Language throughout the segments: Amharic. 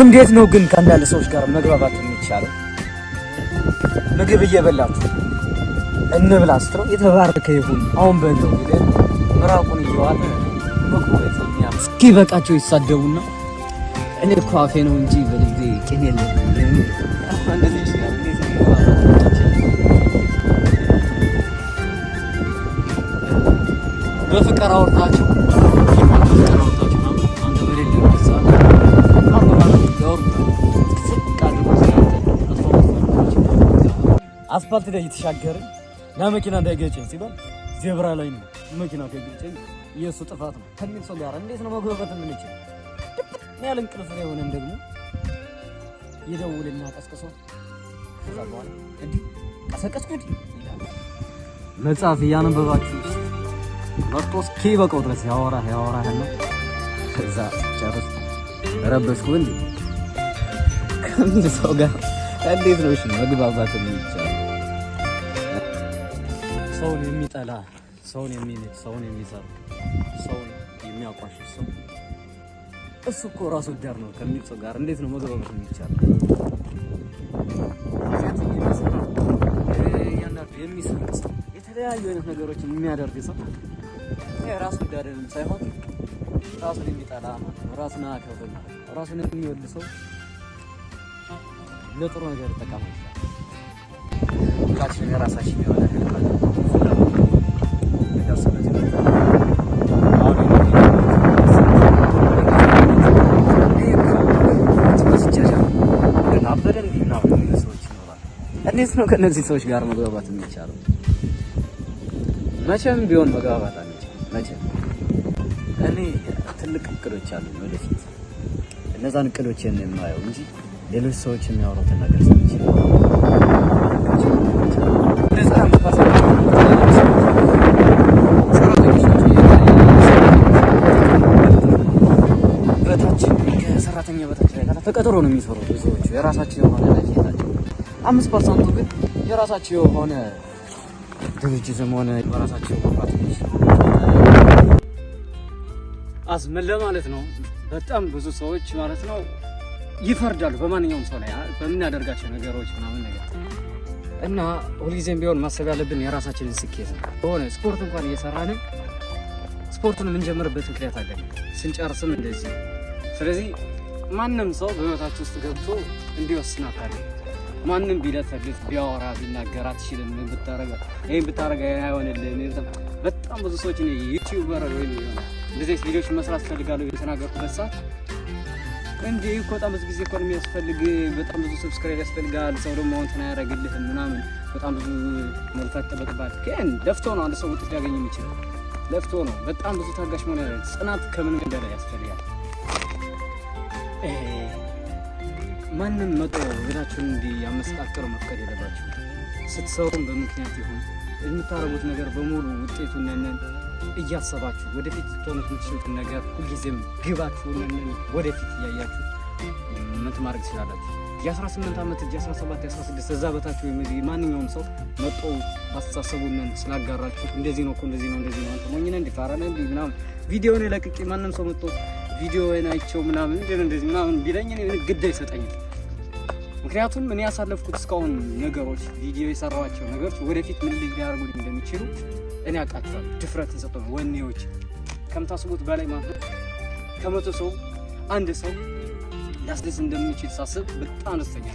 እንዴት ነው ግን ከአንዳንድ ሰዎች ጋር መግባባት የሚቻለው? ምግብ እየበላችሁ እንብላ ስትለው የተባረከ ይሁን አሁን በለው ብለን ምራቁን እየዋለ እስኪ በቃቸው ይሳደቡና እኔ እኮ አፌ ነው እንጂ በልቤ ቂም የለም። በፍቅር አውርታቸው አስፓልት ላይ እየተሻገርን ለመኪና እንዳይገጨኝ ሲባል ዜብራ ላይ ነው መኪና ከገጨኝ የእሱ ጥፋት ነው ከሚል ሰው ጋር እንዴት ነው መግባባት የምንችል? ያለ እንቅልፍ ላይ ሆነን ደግሞ ይደውልና ቀስቅሶ ቀሰቀስኩ በኋላ እንዲህ ቀሰቀስኩት መጽሐፍ እያነበባችሁ መጥቶ እስኪ በቀው ድረስ ያወራ ያወራ እና ከዛ ጨርስ ረበስኩ። እንዴ ከምን ሰው ጋር እንዴት ነው እሺ መግባባት የሚቻል? ሰውን የሚጠላ ሰውን የሚንቅ ሰውን የሚሰር ሰውን የሚያቋሽ ሰው እሱ እኮ ራስ ወዳድ ነው ከሚል ጋር እንዴት ነው መግባባት የሚቻለው? እያንዳንዱ የሚሰርቅ የተለያዩ አይነት ነገሮችን የሚያደርግ ሰው ራስ ወዳድንም ሳይሆን ራሱን የሚጠላ ራሱን አያከብርም። ራሱን የሚወድ ሰው ለጥሩ ነገር ይጠቀማል። ሁላችን የራሳችን የሆነ እንዴት ነው ከነዚህ ሰዎች ጋር መግባባት የሚቻለው? መቼም ቢሆን መግባባት አንችልም። መቼም እኔ ትልቅ እቅዶች አሉ ወደፊት እነዛን እቅዶች የማየው እንጂ ሌሎች ሰዎች የሚያወሩትን ነገር ሰምቼ ሰራተኛ በታች ነው የሚሰሩት ብዙዎቹ። የራሳቸው የሆነ አምስት ፐርሰንቱ ግን የራሳቸው የሆነ ድርጅትም ሆነ በራሳቸው መብራት አስመን ለማለት ነው። በጣም ብዙ ሰዎች ማለት ነው ይፈርዳሉ በማንኛውም ሰው ላይ በምናደርጋቸው ነገሮች ምናምን ነገር እና ሁልጊዜም ቢሆን ማሰብ ያለብን የራሳችንን ስኬት ነው። የሆነ ስፖርት እንኳን እየሰራን ስፖርቱን የምንጀምርበት ምክንያት አለን፣ ስንጨርስም እንደዚህ። ስለዚህ ማንም ሰው በህይወታችን ውስጥ ገብቶ እንዲወስን አታለን። ማንም ቢለፈልፍ ቢያወራ ቢናገር አትችልም፣ ይህን ብታረገ አይሆንልን። በጣም ብዙ ሰዎች ዩቲዩበር ወይም እንደዚህ ቪዲዮች መስራት ፈልጋለሁ የተናገርኩበት ሰዓት እንዴ እኮ በጣም ብዙ ጊዜ እኮ ነው የሚያስፈልግ። በጣም ብዙ ሰብስክራይብ ያስፈልጋል። ሰው ደግሞ እንትን አያደርግልህም ምናምን በጣም ብዙ መልፋት ጠበቅባት። ግን ለፍቶ ነው አንድ ሰው ውጤት ሊያገኝ የሚችለው ለፍቶ ነው። በጣም ብዙ ታጋሽ መሆን ያለ ጽናት ከምን በላይ ያስፈልጋል። ማንም መጦ ቤታችሁን እንዲ ያመሰቃቅር መፍቀድ የለባችሁ። ስትሰሩም በምክንያት ይሁን የምታረጉት ነገር በሙሉ ውጤቱ ነነን እያሰባችሁ ወደፊት ልትሆኑት የምትችሉትን ነገር ሁልጊዜም ግባችሁ ወደፊት እያያችሁ ምንት ማድረግ ትችላላችሁ። የ18 ዓመት እ 17 16 እዛ በታችሁ ማንኛውም ሰው መጦ አስተሳሰቡንን ስላጋራችሁ እንደዚህ ነው እንደዚህ ነው እንደዚህ ነው ሞኝነ እንዲፋራ እንዲ ምናምን ቪዲዮን ለቅቄ ማንም ሰው መጦ ቪዲዮ ናቸው ምናምን እንደዚህ ምናምን ቢለኝ ግድ አይሰጠኝም። ምክንያቱም እኔ ያሳለፍኩት እስካሁን ነገሮች ቪዲዮ የሰራኋቸው ነገሮች ወደፊት ምን ሊያደርጉ እንደሚችሉ እኔ አውቃቸዋለሁ። ድፍረት ንሰጠ ወኔዎች ከምታስቡት በላይ ማለት ከመቶ ሰው አንድ ሰው ሊያስደስ እንደሚችል ሳስብ በጣም ደስተኛ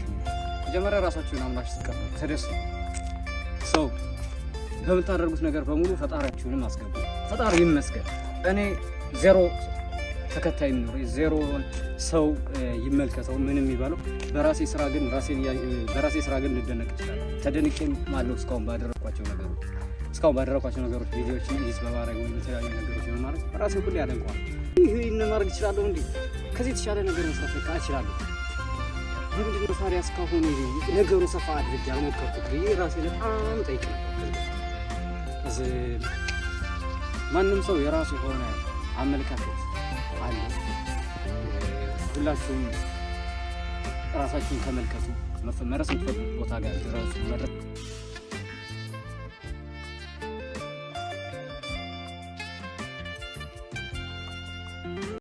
መጀመሪያ ራሳችሁን አምላሽ ስትቀበሉ ተደስ ሰው በምታደርጉት ነገር በሙሉ ፈጣሪያችሁንም አስገቡ። ፈጣሪ ይመስገን እኔ ዜሮ ተከታይ የሚኖረ ዜሮ ሰው ይመልከተው ምን የሚባለው በራሴ ስራ ግን በራሴ ስራ ግን ልደነቅ ይችላል። ተደንቄም አለው እስካሁን ባደረግኳቸው ነገሮች እስካሁን ባደረግኳቸው ነገሮች ቪዲዮች ሊዝ በማድረግ ወይም የተለያዩ ነገሮች በማለት በራሴ ሁሌ ያደንቀዋል። ይህ ይነማድረግ ይችላለሁ እንዴ ከዚህ የተሻለ ነገር መስራት በቃ ይችላለሁ። ለምንድን ነው ታዲያ እስካሁን ነገሩ ሰፋ አድርጌ ያልሞከርኩት? ይህ ራሴ በጣም ጠይቅ ማንም ሰው የራሱ የሆነ አመለካከት አለ። ሁላችሁም ራሳችሁን ተመልከቱ። መረስ ቦታ ጋር ድረሱ።